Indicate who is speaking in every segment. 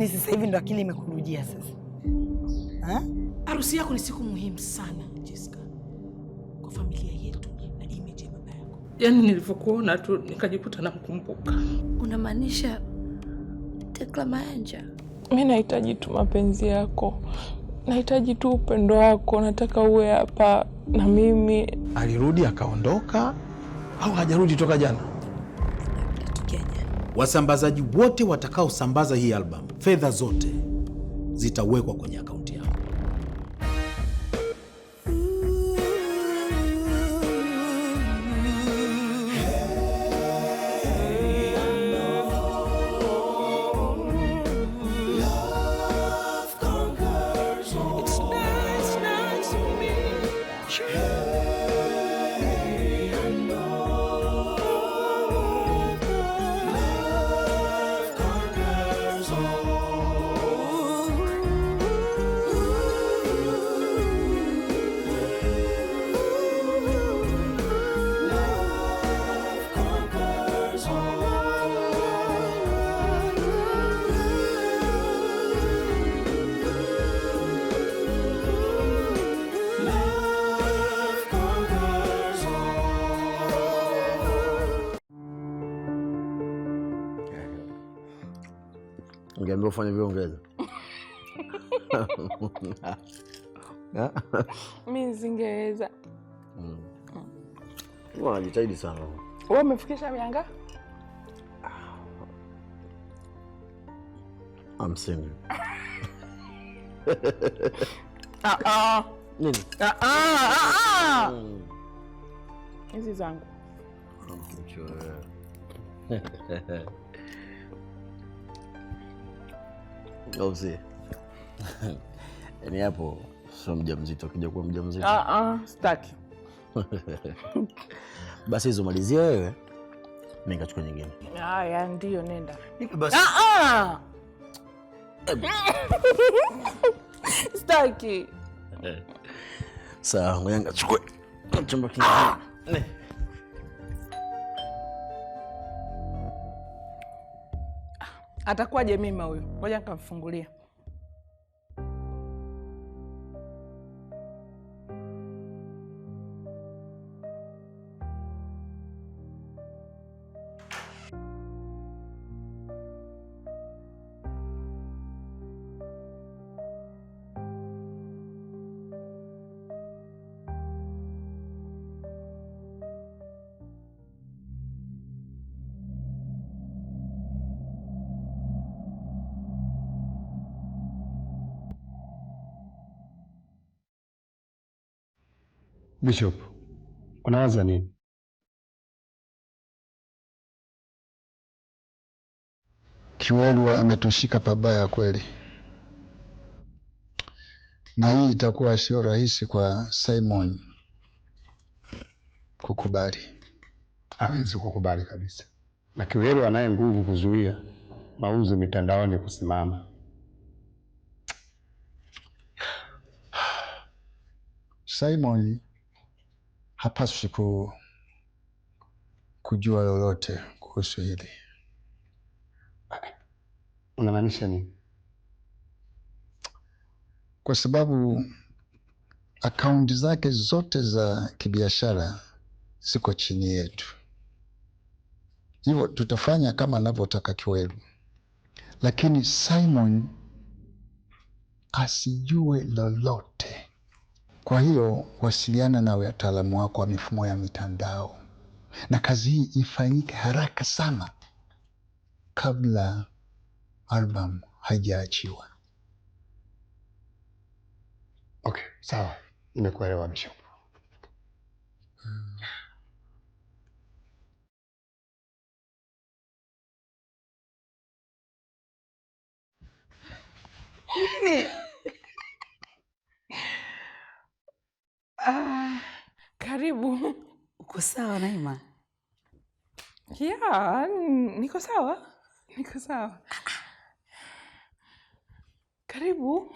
Speaker 1: Yaani sasa hivi ndo akili imekurujia sasa ha? Harusi yako ni siku muhimu sana Jessica, kwa familia yetu na image ya baba yako.
Speaker 2: Yaani nilivyokuona tu nikajikuta namkumbuka.
Speaker 3: Unamaanisha Tekla Mayanja?
Speaker 2: Mi nahitaji tu mapenzi yako, nahitaji tu upendo wako, nataka uwe hapa na mimi.
Speaker 4: Alirudi akaondoka au hajarudi toka jana? Wasambazaji wote watakaosambaza hii albamu fedha zote zitawekwa kwenye
Speaker 5: ungeambia ufanye viongeza
Speaker 2: ah. mi nisingeweza. Hmm.
Speaker 5: Wanajitahidi sana.
Speaker 2: Wewe umefikisha mianga hamsini? Ah, ah. Hmm. hizi zangu
Speaker 5: Ausi. Yaani hapo sio mjamzito, akija kuwa mjamzito.
Speaker 2: Ah ah, sitaki.
Speaker 5: Basi hizo malizia wewe. Mimi nikachukua nyingine.
Speaker 2: Haya ndio nenda. Nipe basi. Ah ah. Sitaki. Eh.
Speaker 5: Sawa, ngoja nikachukue. Chumba kingine. Ah!
Speaker 2: Atakuwa jemima huyo, ngoja nikamfungulia.
Speaker 6: Bishop, unawaza nini?
Speaker 7: Kiwelwa ametushika pabaya kweli, na hii itakuwa sio rahisi kwa Simon kukubali.
Speaker 6: Hawezi kukubali kabisa, na Kiwelwa anaye nguvu kuzuia mauzo mitandaoni kusimama.
Speaker 7: Simon hapaswi ku, kujua lolote kuhusu hili.
Speaker 6: Unamaanisha nini?
Speaker 7: Kwa sababu akaunti zake zote za kibiashara ziko chini yetu, hivyo tutafanya kama anavyotaka Kiweru, lakini Simon asijue lolote. Kwa hiyo wasiliana na wataalamu wako wa mifumo ya mitandao, na kazi hii ifanyike haraka sana kabla albamu haijaachiwa.
Speaker 6: Okay, sawa, nimekuelewa Bishop. Hmm.
Speaker 2: Ah, karibu.
Speaker 1: Uko sawa Naima?
Speaker 2: Yeah, niko sawa, niko sawa. Karibu.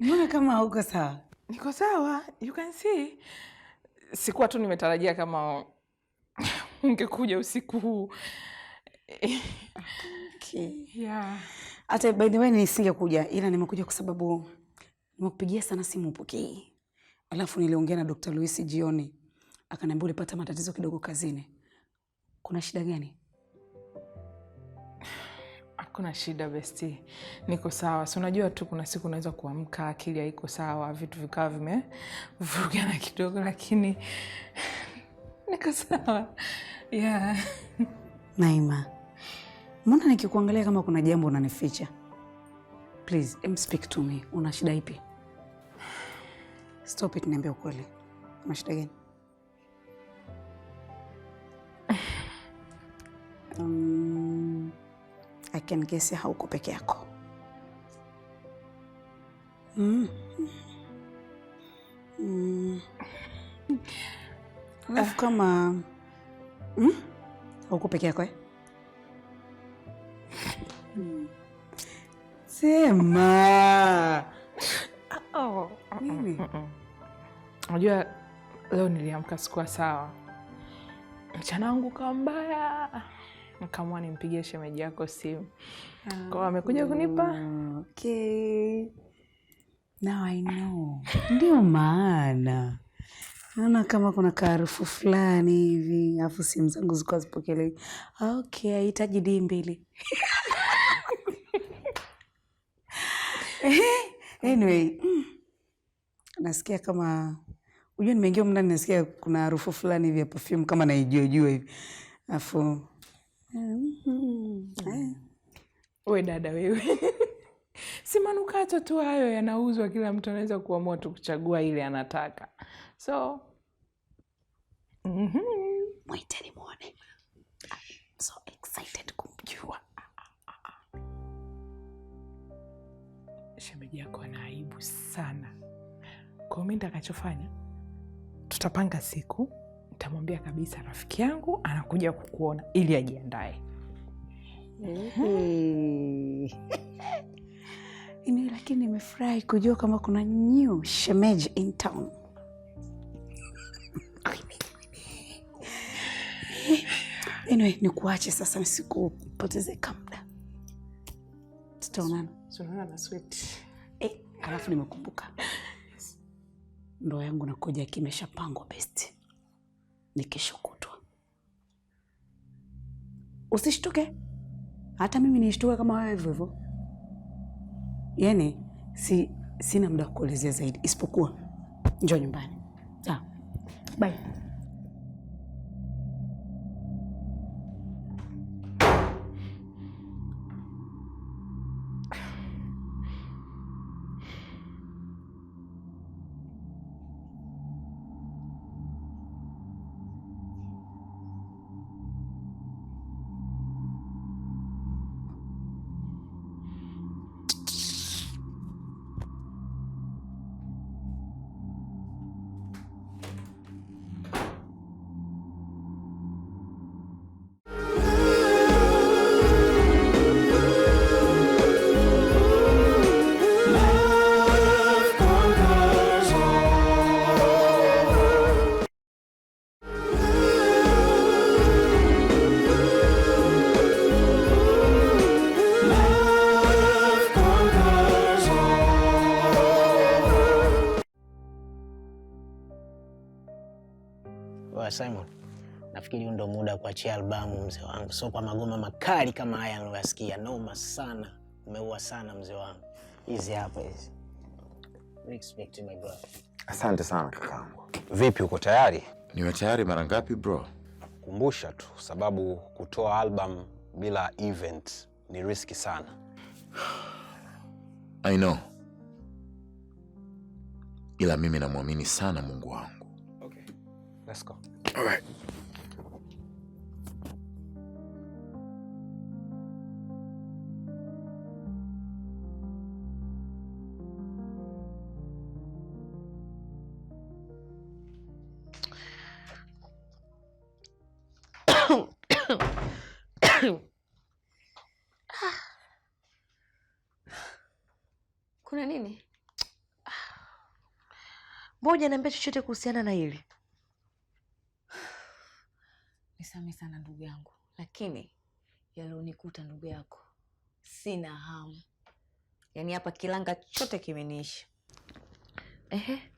Speaker 1: Mbona kama uko sawa?
Speaker 2: Niko sawa, you can see. Sikuwa tu nimetarajia kama ungekuja usiku huu.
Speaker 1: Okay. Yeah. Hata by the way nisingekuja ila nimekuja kwa sababu nimekupigia sana simu upokee. Alafu niliongea na Dr. luis jioni, akaniambia ulipata matatizo kidogo kazini. Kuna shida gani?
Speaker 2: Hakuna shida besti, niko sawa. Si unajua tu kuna siku unaweza kuamka akili haiko sawa, vitu vikawa vimevurugana kidogo, lakini niko sawa yeah.
Speaker 1: Naima, mbona nikikuangalia kama kuna jambo unanificha? Please, em speak to me. Una shida ipi? Stop it, niambia ukweli. Una shida gani? Um, I can guess hauko peke yako. Mm.
Speaker 2: Mm. Alafu ah. kama
Speaker 1: mm? Hauko peke yako eh?
Speaker 2: Sema. Unajua Leo niliamka sikuwa sawa, mchana wangu ukawa mbaya, nikaamua nimpigie shemeji yako simu ah, kwa amekuja kunipa
Speaker 1: okay. Now I know ndio maana naona kama kuna kaarufu fulani hivi, alafu simu zangu zikuwa zipokelei. Okay, ahitaji dii mbili eh, anyway mm nasikia kama unajua, nimeingia mndani, nasikia kuna harufu fulani hivi ya perfume kama naijuajua hivi alafu mm-hmm.
Speaker 2: eh. we dada wewe, si manukato tu hayo yanauzwa, kila mtu anaweza kuamua tu kuchagua ile anataka. So
Speaker 1: mm mm-hmm. Mwiteni mwone, so excited kumjua
Speaker 2: shemeji yako. Ana aibu sana kwa mi ntakachofanya tutapanga siku, ntamwambia kabisa rafiki yangu anakuja kukuona ili ajiandae. Hey.
Speaker 1: Ini, lakini nimefurahi kujua kama kuna new shemeji in town. Anyway, ni kuache sasa, nisikupoteze kamda, tutaonana. Eh, alafu nimekumbuka ndoa yangu na Kojaki imeshapangwa ni kesho kutwa. Usishtuke, hata mimi nishtuka kama wewe hivyo hivyo. Yani si, sina muda wa kuelezea zaidi, isipokuwa njoo nyumbani. Sawa, ah, bye.
Speaker 8: ya kuachia albamu mzee wangu, so kwa magoma makali kama haya niliyosikia, noma sana, umeua sana mzee wangu. Hizi hapa hizi. Respect my bro.
Speaker 9: Asante sana kakaangu.
Speaker 10: Vipi, uko tayari?
Speaker 9: Niwe tayari mara ngapi bro?
Speaker 10: Kumbusha tu, sababu kutoa album bila event ni riski sana.
Speaker 9: I know. Ila mimi namwamini sana Mungu wangu.
Speaker 10: Okay. Let's go.
Speaker 9: All right.
Speaker 1: hajaniambia chochote kuhusiana na hili. Nisame sana ndugu yangu, lakini yalionikuta ndugu yako, sina hamu. Yaani hapa kilanga chote kimeniisha.
Speaker 3: Ehe,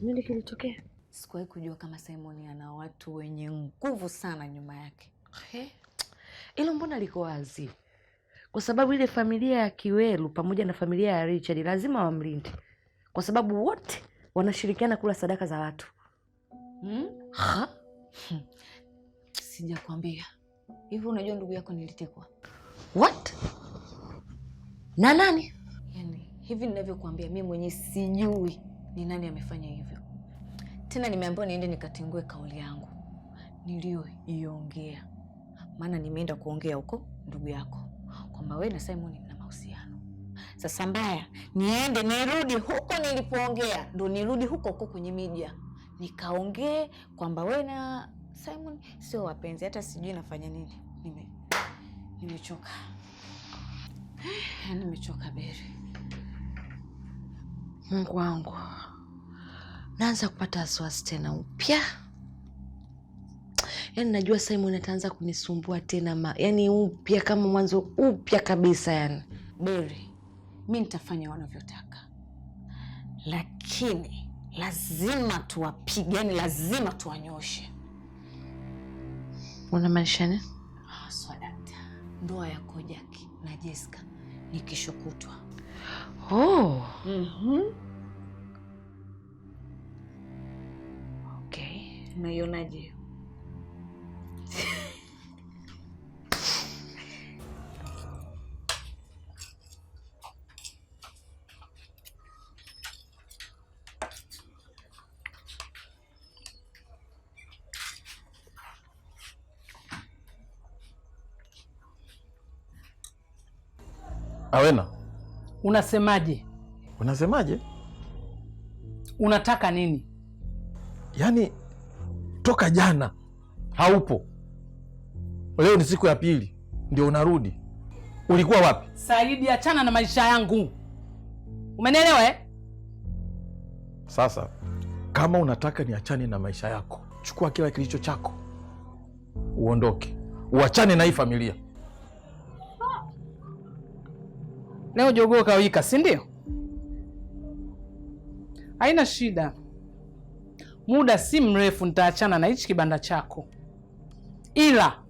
Speaker 3: nini kilitokea?
Speaker 1: Sikuwahi kujua kama Simon ana watu wenye nguvu sana nyuma yake. Ehe, hilo mbona liko wazi? Kwa sababu ile familia ya Kiwelu pamoja na familia ya Richard lazima wamlinde, kwa sababu wote wanashirikiana kula sadaka za watu hmm? hmm. Sijakwambia hivyo. Unajua ndugu yako nilitekwa.
Speaker 3: What? na nani?
Speaker 1: Yani, hivi ninavyokuambia mimi mwenyewe sijui ni nani amefanya hivyo. Tena nimeambiwa niende nikatengue kauli yangu niliyoiongea, maana nimeenda kuongea huko ndugu yako kwamba wewe na Simoni sasa mbaya, niende nirudi huko nilipoongea, ndo nirudi huko huko kwenye media nikaongee kwamba we na Simon sio wapenzi, hata sijui nafanya nini. Nime nimechoka, yaani nimechoka Beri. Mungu wangu, naanza kupata wasiwasi tena upya. yani najua Simon ataanza kunisumbua tena ma, yani upya kama mwanzo upya kabisa, yani Beri mi nitafanya wanavyotaka, lakini lazima tuwapige, yani lazima tuwanyoshe.
Speaker 3: Unamaanisha nini?
Speaker 1: Ah, Swadata, ndoa yako Jaki na Jessica ni kesho kutwa. Oh. mm-hmm. Awena, unasemaje? Unasemaje? Unataka nini?
Speaker 4: Yaani toka jana haupo, leo ni siku ya pili ndio unarudi. Ulikuwa wapi
Speaker 1: Saidi? Achana na maisha yangu, umenielewa eh?
Speaker 4: Sasa kama unataka niachane na maisha yako, chukua kila kilicho chako uondoke, uachane na hii familia.
Speaker 1: Leo jogoo kawika, si ndio? Haina shida, muda si mrefu nitaachana na hichi kibanda chako, ila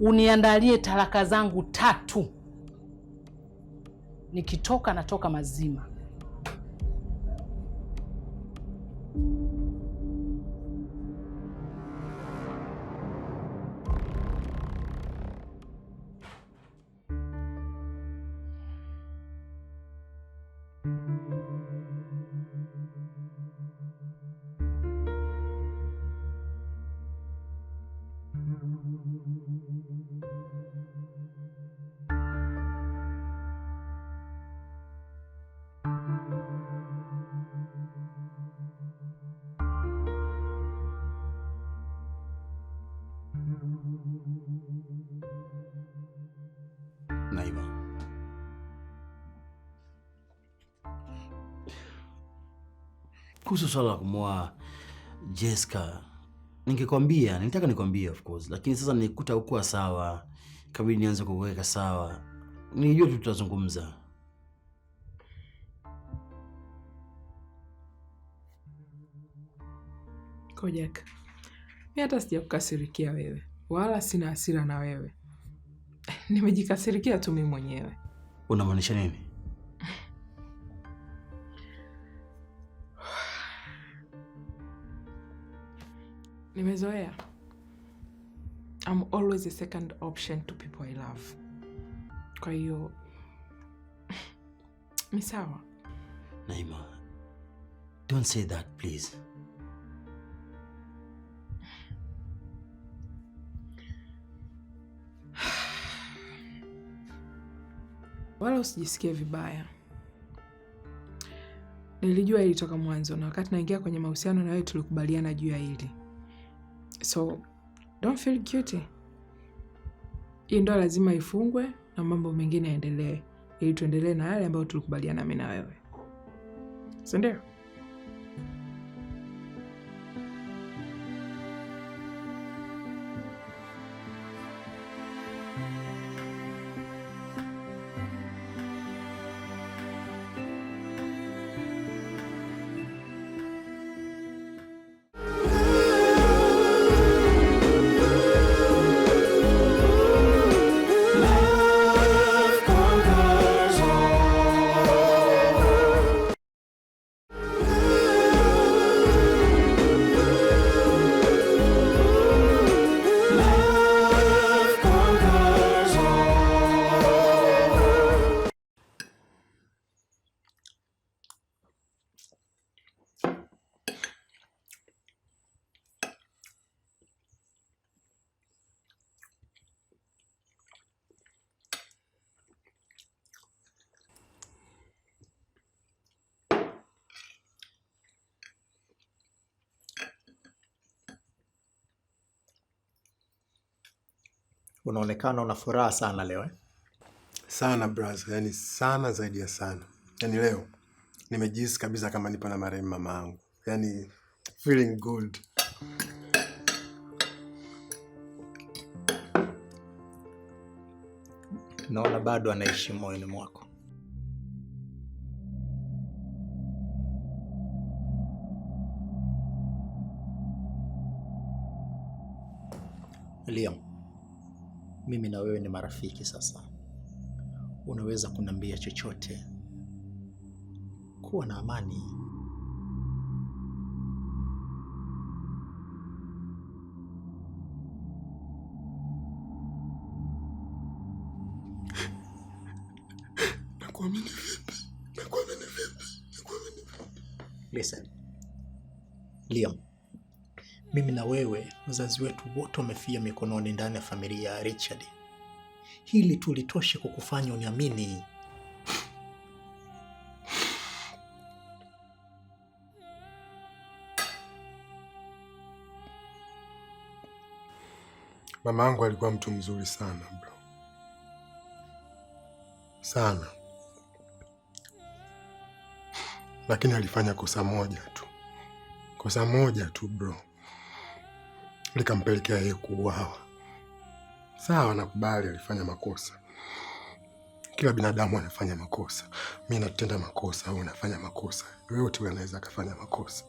Speaker 1: uniandalie talaka zangu tatu. Nikitoka natoka mazima. thank you
Speaker 5: kuhusu swala la kumwoa Jessica, ningekwambia, nilitaka nikwambie of course, lakini sasa nikuta ukuwa sawa, kabidi nianze kuweka sawa. nijua tu tutazungumza.
Speaker 2: Kojak, mi hata sijakukasirikia wewe wala sina hasira na wewe nimejikasirikia tu mi mwenyewe.
Speaker 5: Unamaanisha nini?
Speaker 2: Nimezoea. I'm always a second option to people I love. Kwa hiyo ni sawa.
Speaker 5: Naima, don't say that please.
Speaker 2: Wala usijisikie vibaya. Nilijua ilitoka mwanzo, na wakati naingia kwenye mahusiano na wewe tulikubaliana juu ya hili. So don't feel guilty. Hii ndoa lazima ifungwe na mambo mengine yaendelee, ili tuendelee na yale ambayo tulikubaliana mimi na wewe, si so,
Speaker 10: Unaonekana una furaha sana leo eh?
Speaker 9: Sana bras, yani sana zaidi ya sana. Yani leo nimejihisi kabisa kama nipo na marehemu mama yangu, yani feeling good.
Speaker 10: Naona bado anaishi moyoni mwako. Liam mimi na wewe ni marafiki sasa, unaweza kuniambia chochote. Kuwa na amani. wazazi wetu wote wamefia mikononi ndani ya familia ya Richard. Hili tu litoshe kukufanya uniamini.
Speaker 9: Mama yangu alikuwa mtu mzuri sana bro, sana lakini alifanya kosa moja tu, kosa moja tu bro likampelekea yeye kuuawa. Sawa, nakubali alifanya makosa. Kila binadamu anafanya makosa. Mi natenda makosa au nafanya makosa, yoyote huyo anaweza akafanya makosa.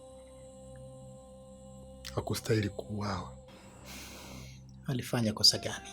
Speaker 9: Hakustahili kuuawa.
Speaker 10: Alifanya kosa gani?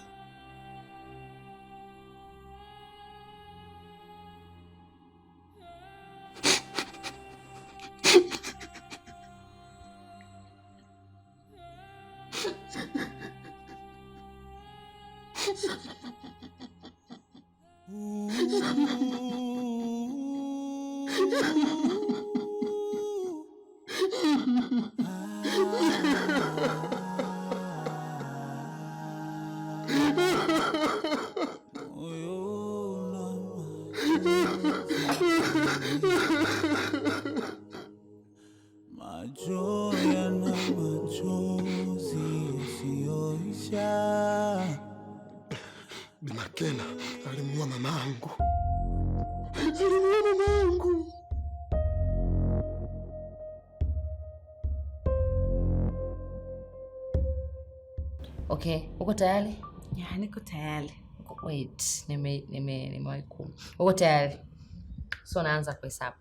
Speaker 1: Okay, uko tayari?
Speaker 2: Yeah, niko tayari.
Speaker 1: Wait, nime nime nimewahi ku. Uko tayari? So naanza kuhesabu.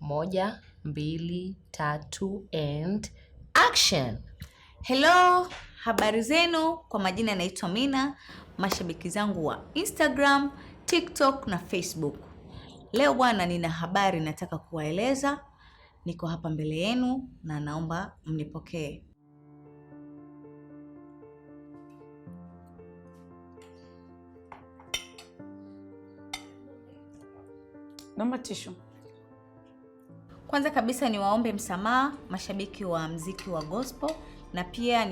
Speaker 1: Moja, mbili, tatu and action.
Speaker 11: Hello, habari zenu. Kwa majina yanaitwa Mina, mashabiki zangu wa Instagram, TikTok na Facebook. Leo bwana, nina habari nataka kuwaeleza. Niko hapa mbele yenu na naomba mnipokee. Naomba tishu. Kwanza kabisa niwaombe msamaha mashabiki wa mziki wa gospel na pia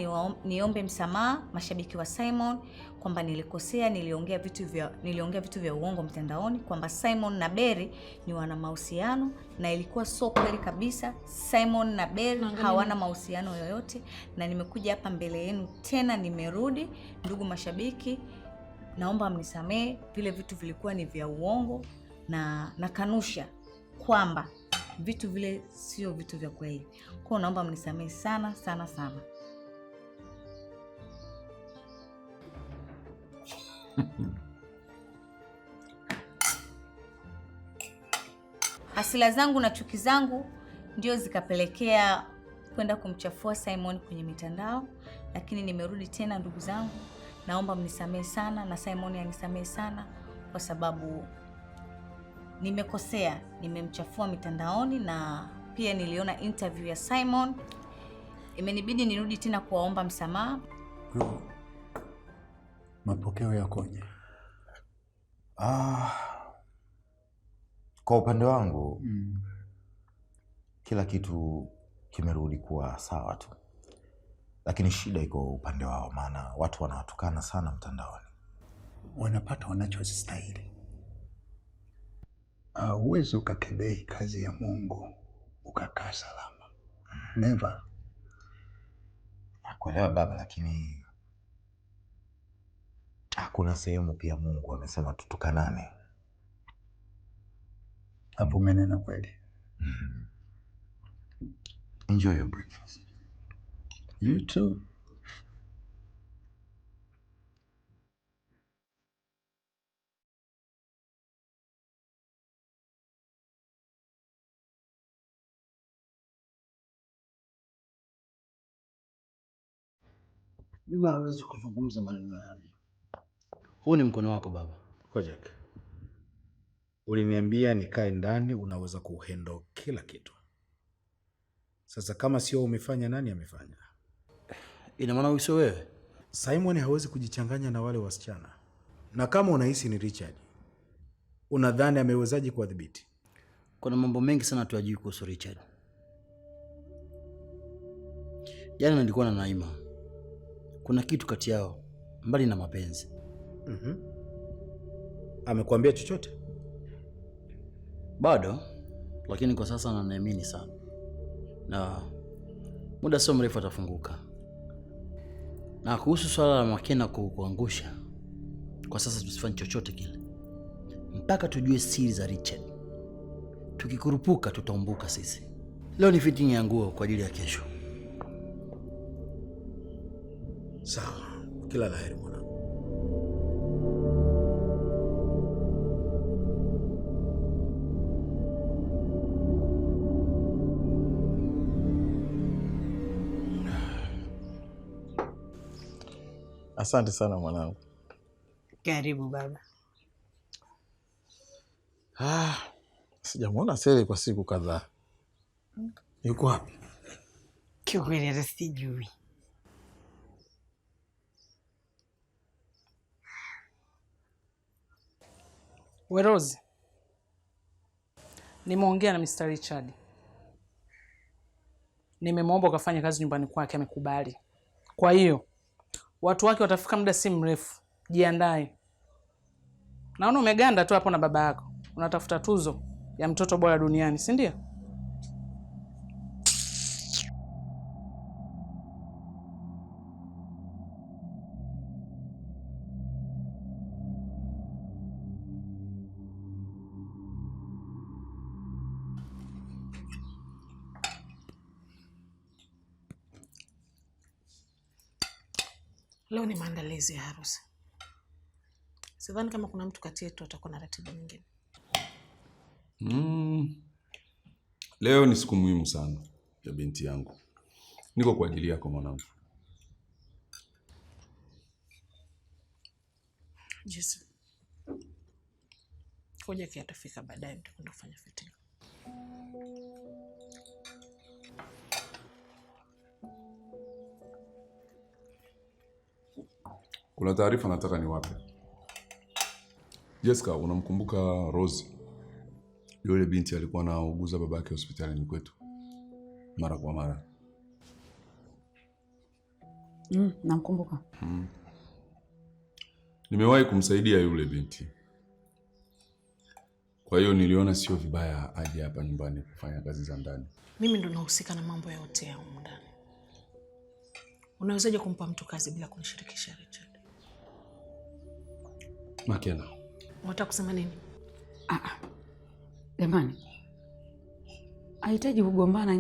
Speaker 11: niombe msamaha mashabiki wa Simon kwamba nilikosea, niliongea vitu vya niliongea vitu vya uongo mtandaoni kwamba Simon na Berry ni wana mahusiano na ilikuwa so kweli kabisa. Simon na Berry hawana mahusiano yoyote, na nimekuja hapa mbele yenu tena, nimerudi. Ndugu mashabiki, naomba mnisamee, vile vitu vilikuwa ni vya uongo na nakanusha kwamba vitu vile sio vitu vya kweli. Kwa naomba mnisamehe sana sana sana. Hasira zangu na chuki zangu ndio zikapelekea kwenda kumchafua Simon kwenye mitandao, lakini nimerudi tena. Ndugu zangu, naomba mnisamehe sana na Simon anisamehe sana kwa sababu nimekosea, nimemchafua mitandaoni na pia niliona interview ya Simon, imenibidi nirudi tena kuwaomba msamaha.
Speaker 7: mapokeo yakoje? Ah,
Speaker 5: kwa upande wangu mm, kila kitu kimerudi kuwa sawa tu, lakini shida iko upande wao, maana watu wanawatukana sana mtandaoni,
Speaker 7: wanapata wanachostahili Huwezi uh, ukakebei kazi ya Mungu ukakaa salama. Never.
Speaker 5: Nakuelewa baba, lakini hakuna sehemu pia Mungu amesema tutukanane.
Speaker 7: Hapo umenena kweli. Mm
Speaker 5: Enjoy your breakfast.
Speaker 7: You too.
Speaker 5: Mimi hawezi kuzungumza maneno yale.
Speaker 10: Huu ni mkono wako baba.
Speaker 5: Kojak, uliniambia nikae ndani, unaweza kuhendo kila kitu. Sasa kama sio umefanya, nani amefanya?
Speaker 10: Ina maana sio wewe.
Speaker 5: Simon hawezi kujichanganya na wale wasichana, na kama unahisi ni Richard, unadhani amewezaje kuwadhibiti?
Speaker 10: Kuna mambo mengi sana tuajui kuhusu Richard. Jana nilikuwa na Naima kuna kitu kati yao mbali na mapenzi. mm -hmm.
Speaker 5: Amekuambia chochote?
Speaker 10: Bado, lakini kwa sasa ananiamini sana na muda sio mrefu atafunguka. Na kuhusu swala la Makena kukuangusha, kwa sasa tusifanye chochote kile mpaka tujue siri za Richard. Tukikurupuka tutaumbuka sisi. Leo ni fitting ya nguo kwa ajili ya kesho.
Speaker 5: Sawa, kila la heri mwanangu.
Speaker 9: Asante sana mwanangu.
Speaker 1: Karibu baba.
Speaker 9: Ah, sijamwona Sele kwa siku kadhaa. Yuko wapi?
Speaker 1: Kiukweli hata sijui.
Speaker 2: Werozi, nimeongea na Mr. Richard, nimemwomba ukafanya kazi nyumbani kwake, amekubali. Kwa hiyo watu wake watafika muda si mrefu, jiandae. Naona umeganda tu hapo na baba yako, unatafuta tuzo ya mtoto bora duniani, si ndio?
Speaker 1: ni maandalizi ya harusi. Sidhani kama kuna mtu kati yetu atakuwa na ratiba nyingine.
Speaker 9: Mm. Leo ni siku muhimu sana ya binti yangu. Niko kwa ajili yako mwanangu.
Speaker 1: Jesu. Koja kiatafika baadaye, nitakwenda kufanya fitting.
Speaker 9: Kuna taarifa nataka niwape. Jessica, unamkumbuka Rose? Yule binti alikuwa anauguza babake hospitalini kwetu mara kwa mara.
Speaker 1: Mm, namkumbuka. Mm.
Speaker 9: Nimewahi kumsaidia yule binti, kwa hiyo niliona sio vibaya aje hapa nyumbani kufanya kazi za ndani.
Speaker 1: Mimi ndo nahusika na mambo yote ya humu ndani. Unawezaje kumpa mtu kazi bila kunishirikisha Richard? Makena, unataka kusema nini? Ah, ah. Jamani, hahitaji kugombana.